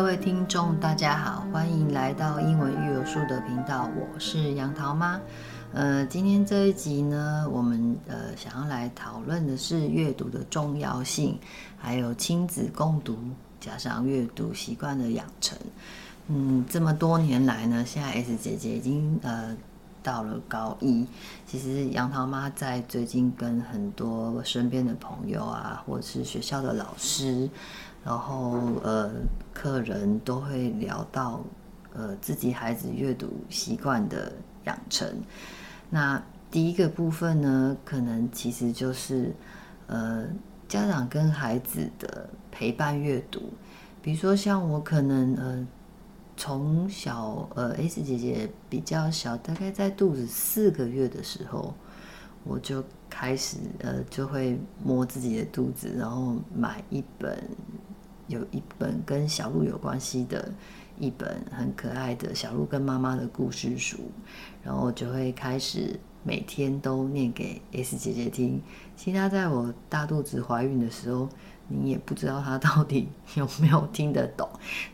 各位聽眾，大家好，歡迎來到英文育兒樹的頻道，我是楊桃媽。呃，今天這一集呢，我們呃想要來討論的是閱讀的重要性，還有親子共讀加上閱讀習慣的養成。嗯，這麼多年來呢，現在 S 姐姐已經呃。到了高一，其實楊桃媽在最近跟很多身邊的朋友啊，或是學校的老師，然後呃，客人都會聊到，呃自己孩子閱讀習慣的養成。那第一個部分呢，可能其實就是呃家長跟孩子的陪伴閱讀，比如說像我可能呃。從小，呃，S 姐姐比較小，大概在肚子四個月的時候，我就開始，呃，就會摸自己的肚子，然後買一本，有一本跟小鹿有關係的，一本很可愛的小鹿跟媽媽的故事書，然後就會開始每天都念給 S 姐姐聽。其實，在我大肚子懷孕的時候。你也不知道他到底有沒有聽得懂，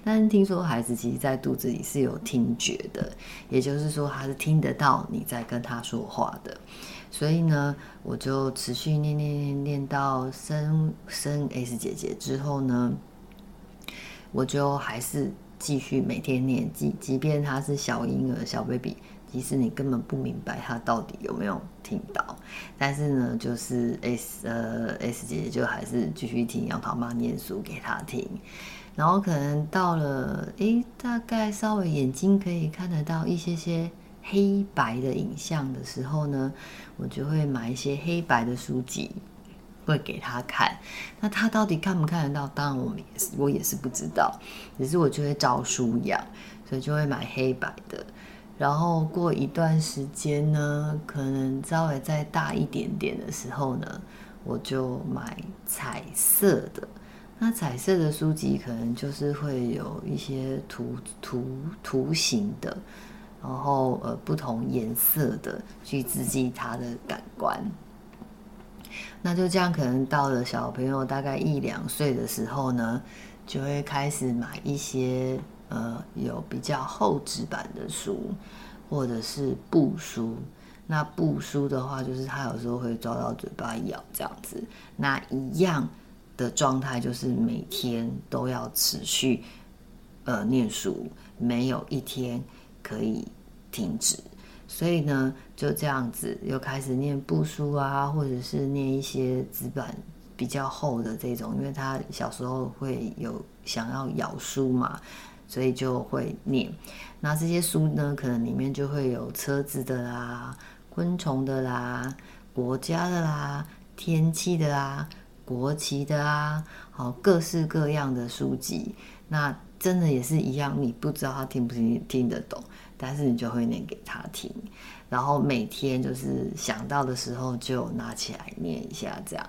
但聽說孩子其實，在肚子裡是有聽覺的，也就是說他是聽得到你在跟他說話的。所以呢，我就持續念念念念到生生 S 姐姐之後呢，我就還是繼續每天念，即即便他是小嬰兒、小 baby。其實你根本不明白他到底有沒有聽到，但是呢，就是 S 呃 S 姐姐就還是繼續聽楊桃媽唸書給他聽，然後可能到了誒，大概稍微眼睛可以看得到一些些黑白的影像的時候呢，我就會買一些黑白的書籍會給他看。那他到底看不看得到？當然我們也是，我也是不知道，只是我就會照書養，所以就會買黑白的。然後過一段時間呢，可能稍微再大一點點的時候呢，我就買彩色的。那彩色的書籍可能就是會有一些圖圖圖形的，然後呃不同顏色的去刺激他的感官。那就這樣，可能到了小朋友大概一兩歲的時候呢，就會開始買一些。呃，有比較厚紙板的書，或者是布書。那布書的話，就是他有時候會抓到嘴巴咬這樣子。那一樣的狀態就是每天都要持續，呃，念書，沒有一天可以停止。所以呢，就這樣子又開始念布書啊，或者是念一些紙板比較厚的這種，因為他小時候會有想要咬書嘛。所以就會念，那這些書呢，可能裡面就會有車子的啦、昆蟲的啦、國家的啦、天氣的啦、國旗的啦，好，各式各樣的書籍。那真的也是一樣，你不知道他聽不聽聽得懂，但是你就會念給他聽，然後每天就是想到的時候就拿起來念一下這樣，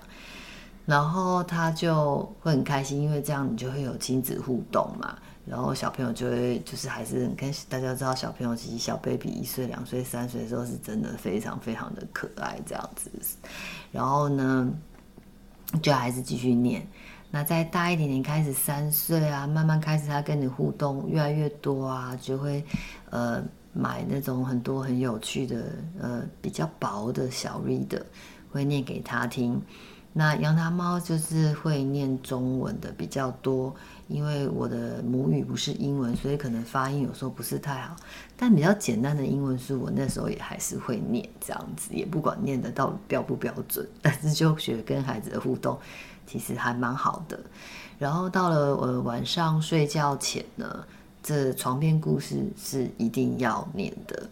然後他就會很開心，因為這樣你就會有親子互動嘛。然後小朋友就會，就是還是跟大家知道小朋友其實小 baby 一歲、兩歲、三歲的時候是真的非常非常的可愛這樣子。然後呢，就還是繼續念。那再大一點點，開始三歲啊，慢慢開始他跟你互動越來越多啊，就會呃買那種很多很有趣的呃比較薄的小 reader，會念給他聽。那羊大貓，就是會念中文的比較多，因為我的母語不是英文，所以可能發音有時候不是太好。但比較簡單的英文書，我那時候也還是會念這樣子，也不管念得到標不標準，但是就覺得跟孩子的互動其實還蠻好的。然後到了呃晚上睡覺前呢，這床邊故事是一定要念的。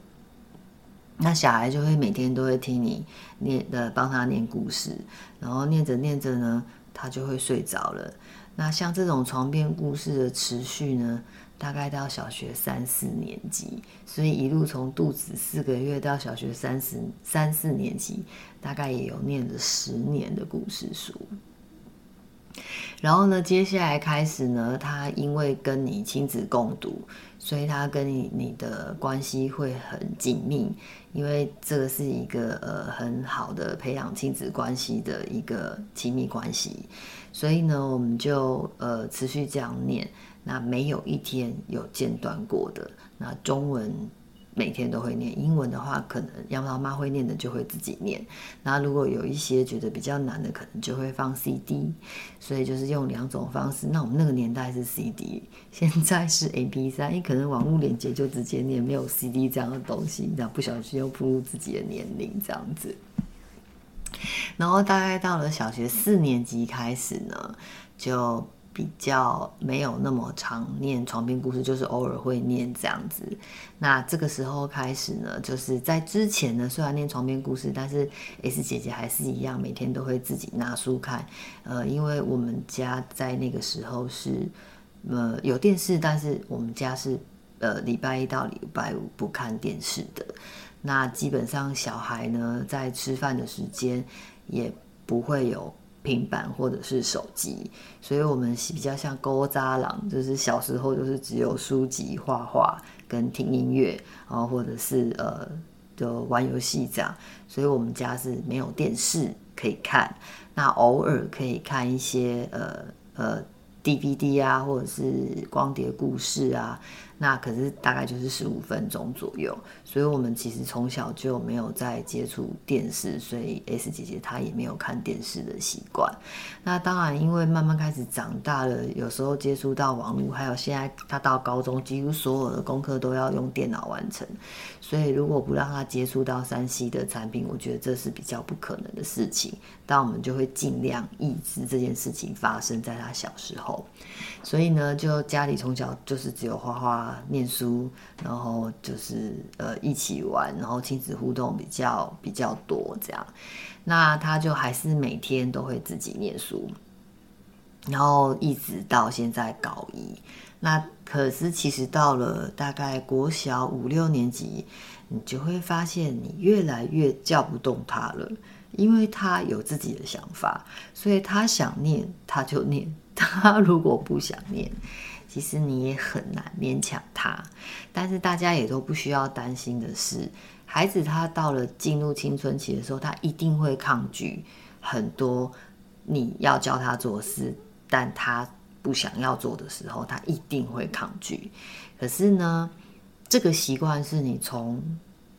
那小孩就會每天都會聽你念呃幫他念故事，然後念着念着呢，他就會睡着了。那像這種床邊故事的持續呢，大概到小學三四年級，所以一路從肚子四個月到小學三十三四年級，大概也有念了十年的故事書。然後呢，接下來開始呢，他因為跟你親子共讀。所以他跟你，你的關係會很緊密，因為這個是一個呃很好的培養親子關係的一個親密關係。所以呢，我們就呃持續這樣念，那沒有一天有間斷過的。那中文。每天都會念英文的話，可能要不他媽會念的就會自己念，然後如果有一些覺得比較難的，可能就會放 CD，所以就是用兩種方式。那我們那個年代是 CD，現在是 MP3，因為可能網絡連接就直接念，沒有 CD 這樣的東西，你知道，不小心又暴露自己的年齡這樣子。然後大概到了小學四年級開始呢，就。比較沒有那麼常念床邊故事，就是偶爾會念這樣子。那這個時候開始呢，就是在之前呢，雖然念床邊故事，但是 S 姐姐還是一樣，每天都會自己拿書看。呃，因為我們家在那個時候是呃有電視，但是我們家是呃禮拜一到禮拜五不看電視的。那基本上小孩呢，在吃飯的時間也不會有平板或者是手機，所以我們比較像古早人，就是小時候就是只有書籍、畫畫跟聽音樂，然後或者是呃就玩遊戲這樣。所以我們家是沒有電視可以看，那偶爾可以看一些呃呃 DVD 啊，或者是光碟故事啊。那可是大概就是十五分鐘左右，所以我們其實從小就沒有在接觸電視，所以 S 姐姐她也沒有看電視的習慣。那當然，因為慢慢開始長大了，有時候接觸到網絡，還有現在她到高中，幾乎所有的功課都要用電腦完成。所以如果不讓她接觸到三 C 的產品，我覺得這是比較不可能的事情。但我們就會盡量抑制這件事情發生，在她小時候。所以呢，就家裡從小就是只有花花。啊，念書，然後就是呃，一起玩，然後親子互動比較比較多這樣。那他就還是每天都會自己念書，然後一直到現在高一。那可是其實到了大概國小五六年級，你就會發現你越來越叫不動他了，因為他有自己的想法，所以他想念，他就念，他如果不想念。其實你也很難勉強他，但是大家也都不需要擔心的是，孩子他到了進入青春期的時候，他一定會抗拒很多你要叫他做事，但他不想要做的時候，他一定會抗拒。可是呢，這個習慣是你從。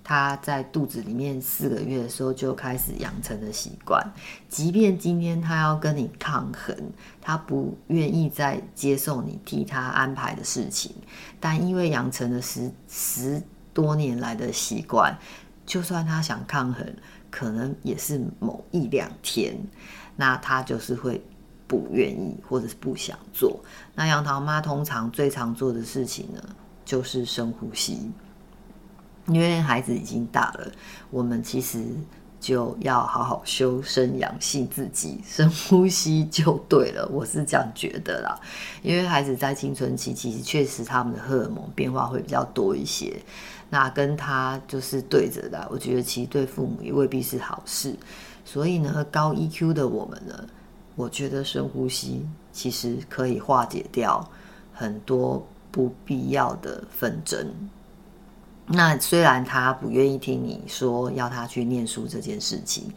他在肚子裡面四個月的時候就開始養成的習慣，即便今天他要跟你抗衡，他不願意再接受你替他安排的事情，但因為養成了十十多年來的習慣，就算他想抗衡，可能也是某一兩天，那他就是會不願意或者是不想做。那楊桃媽通常最常做的事情呢，就是深呼吸。因為孩子已經大了，我們其實就要好好修身養性，自己深呼吸就對了。我是這樣覺得啦。因為孩子在青春期，其實確實他們的荷爾蒙變化會比較多一些。那跟他就是對着的，我覺得其實對父母也未必是好事。所以呢，高 EQ 的我們呢，我覺得深呼吸其實可以化解掉很多不必要的紛爭。那雖然他不願意聽你說要他去念書這件事情，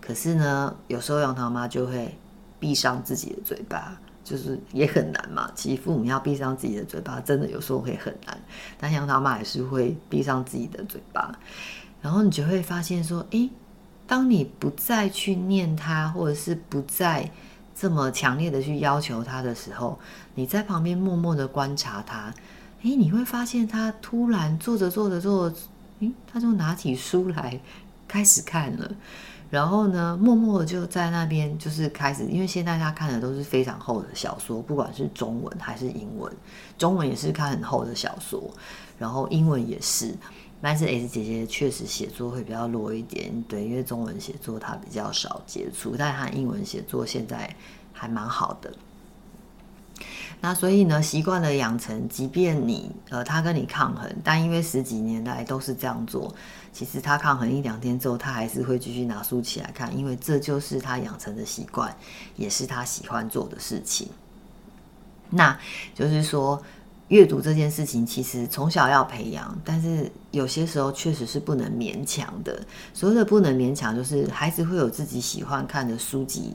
可是呢，有時候楊桃媽就會閉上自己的嘴巴，就是也很難嘛。其實父母要閉上自己的嘴巴，真的有時候會很難，但楊桃媽還是會閉上自己的嘴巴。然後你就會發現說，誒，當你不再去念他，或者是不再這麼強烈的去要求他的時候，你在旁邊默默的觀察他。誒，你會發現他突然坐著坐著坐著，誒他就拿起書來開始看了，然後呢，默默的就在那邊就是開始，因為現在他看的都是非常厚的小說，不管是中文還是英文，中文也是看很厚的小說，然後英文也是。但是 s 姐姐確實寫作會比較弱一點，對，因為中文寫作她比較少接觸，但是她英文寫作現在還蠻好的。那所以呢，習慣的養成，即便你呃他跟你抗衡，但因為十幾年來都是這樣做，其實他抗衡一兩天之後，他還是會繼續拿書起來看，因為這就是他養成的習慣，也是他喜歡做的事情。那就是說，閱讀這件事情，其實從小要培養，但是有些時候確實是不能勉強的。所謂的不能勉強，就是孩子會有自己喜歡看的書籍。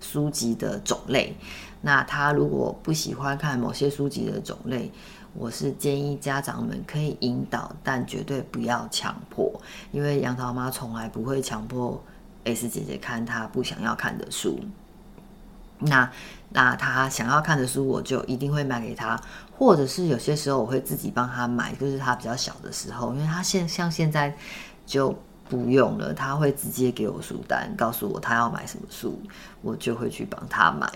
書籍的種類，那他如果不喜歡看某些書籍的種類，我是建議家長們可以引導，但絕對不要強迫，因為楊桃媽從來不會強迫 S 姐姐看她不想要看的書。那那他想要看的書，我就一定會買給他，或者是有些時候我會自己幫他買，就是他比較小的時候，因為他現像現在就。不用了，他會直接給我書單，告訴我他要買什麼書，我就會去幫他買。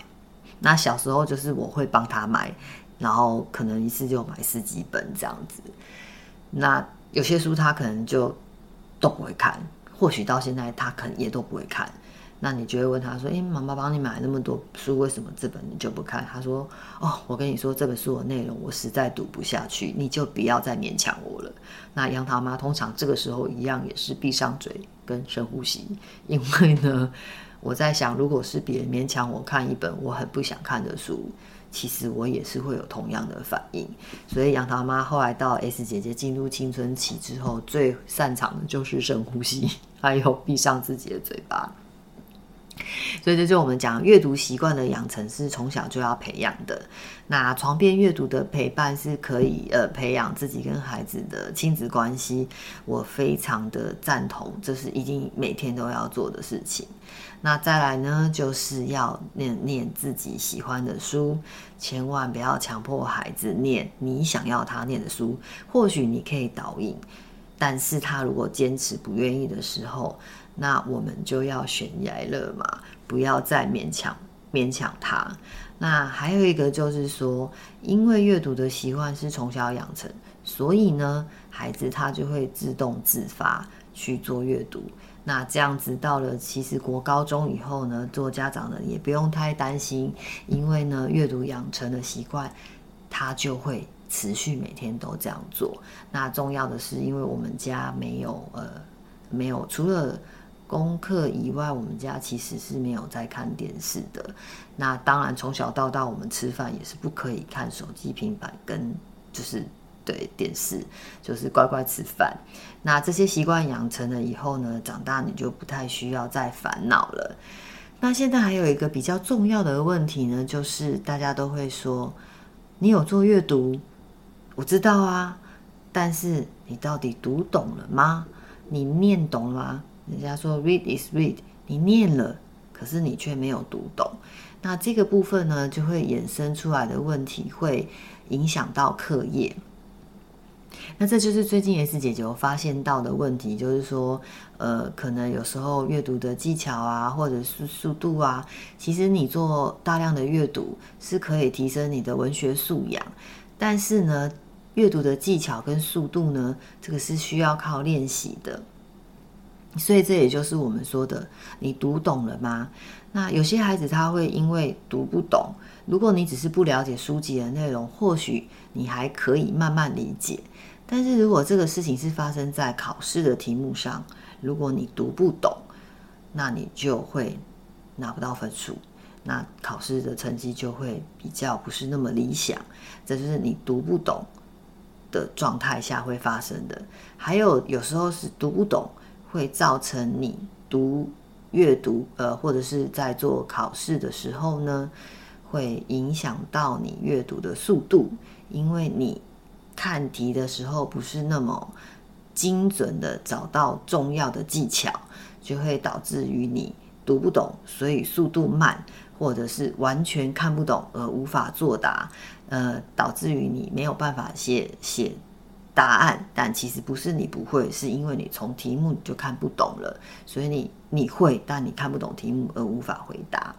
那小時候就是我會幫他買，然後可能一次就買十幾本這樣子。那有些書他可能就都不會看，或許到現在他可能也都不會看。那你就會問他說：“誒、欸、媽媽幫你買那麼多書，為什麼這本你就不看？”他說：“哦，我跟你說這本書的內容，我實在讀不下去，你就不要再勉強我了。”那楊桃媽通常這個時候一樣也是閉上嘴跟深呼吸，因為呢，我在想，如果是別人勉強我看一本我很不想看的書，其實我也是會有同樣的反應。所以楊桃媽後來到 S 姐姐進入青春期之後，最擅長的就是深呼吸，還有閉上自己的嘴巴。所以，這就我們講閱讀習慣的養成是從小就要培養的。那床邊閱讀的陪伴是可以呃培養自己跟孩子的親子關係，我非常的贊同，這是一定每天都要做的事情。那再來呢，就是要念念自己喜歡的書，千萬不要強迫孩子念你想要他念的書。或許你可以導引，但是他如果堅持不願意的時候。那我們就要懸崖勒馬，不要再勉強勉強他。那還有一個就是說，因為閱讀的習慣是從小養成，所以呢，孩子他就會自動自發去做閱讀。那這樣子到了其實國高中以後呢，做家長的也不用太擔心，因為呢，閱讀養成的習慣，他就會持續每天都這樣做。那重要的是，因為我們家沒有呃，沒有除了。功課以外，我們家其實是沒有在看電視的。那當然，從小到大，我們吃飯也是不可以看手機、平板，跟就是對電視，就是乖乖吃飯。那這些習慣養成了以後呢，長大你就不太需要再煩惱了。那現在還有一個比較重要的問題呢，就是大家都會說你有做閱讀，我知道啊，但是你到底讀懂了嗎？你念懂了嗎？人家說 read is read，你念了，可是你卻沒有讀懂。那這個部分呢，就會衍生出來的問題，會影響到課業。那這就是最近也是姐姐我發現到的問題，就是說，呃，可能有時候閱讀的技巧啊，或者是速度啊，其實你做大量的閱讀是可以提升你的文學素養，但是呢，閱讀的技巧跟速度呢，這個是需要靠練習的。所以這也就是我們說的，你讀懂了嗎？那有些孩子他會因為讀不懂，如果你只是不了解書籍的內容，或許你還可以慢慢理解。但是如果這個事情是發生在考試的題目上，如果你讀不懂，那你就會拿不到分數，那考試的成績就會比較不是那麼理想。這就是你讀不懂的狀態下會發生的。還有，有時候是讀不懂。會造成你讀閱讀，呃，或者是在做考試的時候呢，會影響到你閱讀的速度，因為你看題的時候不是那麼精準的找到重要的技巧，就會導致於你讀不懂，所以速度慢，或者是完全看不懂而無法作答，呃，導致於你沒有辦法寫寫答案，但其實不是你不會，是因為你從題目就看不懂了，所以你你會，但你看不懂題目而無法回答。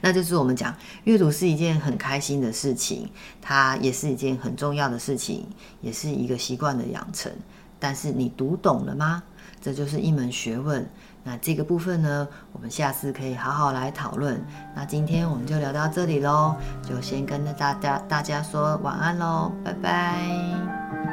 那就是我們講閱讀是一件很開心的事情，它也是一件很重要的事情，也是一個習慣的養成。但是你讀懂了嗎？這就是一門學問。那這個部分呢，我們下次可以好好來討論。那今天我們就聊到這裡嘍，就先跟大家大家說晚安嘍，拜拜。